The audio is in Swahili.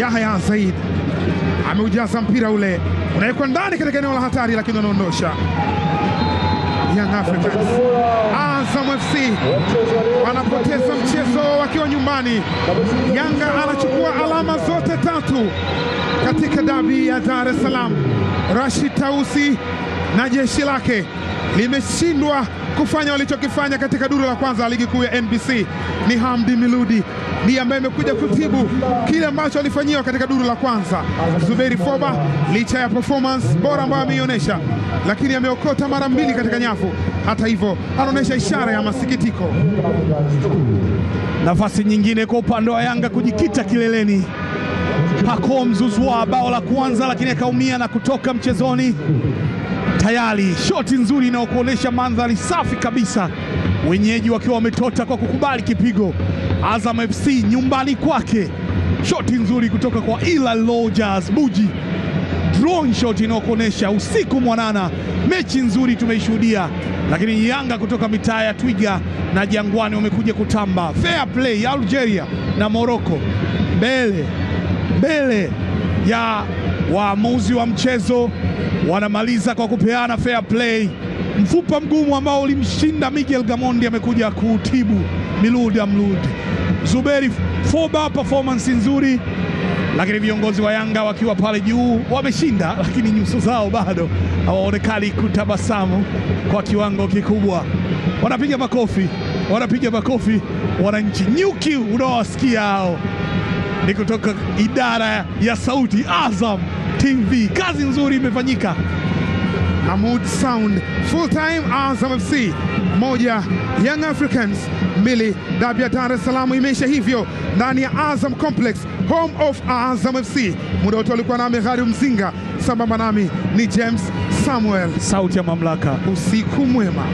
Yahya Said ameujaza mpira ule, unawekwa ndani katika eneo la hatari, lakini wanaondosha Young Africans. Azam FC wanapoteza mchezo wakiwa nyumbani. Yanga anachukua alama zote tatu katika dabi ya Dar es Salaam. Rashid Tausi na jeshi lake limeshindwa kufanya walichokifanya katika duru la kwanza la ligi kuu ya NBC. Ni Hamdi Miludi ndiye ambaye amekuja kutibu kile ambacho alifanyiwa katika duru la kwanza. Zuberi Foba, licha ya performance bora ambayo ameionyesha, lakini ameokota mara mbili katika nyavu. Hata hivyo, anaonyesha ishara ya masikitiko. Nafasi nyingine kwa upande wa Yanga kujikita kileleni Pacome Zouzoua bao la kwanza, lakini akaumia na kutoka mchezoni tayari shoti nzuri inayokuonyesha mandhari safi kabisa, wenyeji wakiwa wametota kwa kukubali kipigo. Azam FC nyumbani kwake, shoti nzuri kutoka kwa Ila Rogers Buji, drone shot inayokuonesha usiku mwanana. Mechi nzuri tumeishuhudia, lakini Yanga kutoka mitaa ya Twiga na Jangwani wamekuja kutamba. Fair play ya Algeria na Morocco mbele mbele ya waamuzi wa mchezo wanamaliza kwa kupeana fair play. Mfupa mgumu ambao ulimshinda Miguel Gamondi amekuja kutibu Milud Amlud. Zuberi Foba, performance nzuri, lakini viongozi wa Yanga wakiwa pale juu wameshinda, lakini nyuso zao bado hawaonekani kutabasamu kwa kiwango kikubwa. Wanapiga makofi, wanapiga makofi wananchi, nyuki unaowasikia hao ni kutoka idara ya sauti Azam TV. Kazi nzuri imefanyika. Mahmood Sound full time Azam FC moja, Young Africans mbili. Dabi ya Dar es Salaam imeisha hivyo ndani ya Azam Complex, home of Azam FC. Muda wote alikuwa nami ghari Mzinga, sambamba nami ni James Samuel, sauti ya mamlaka. Usiku mwema.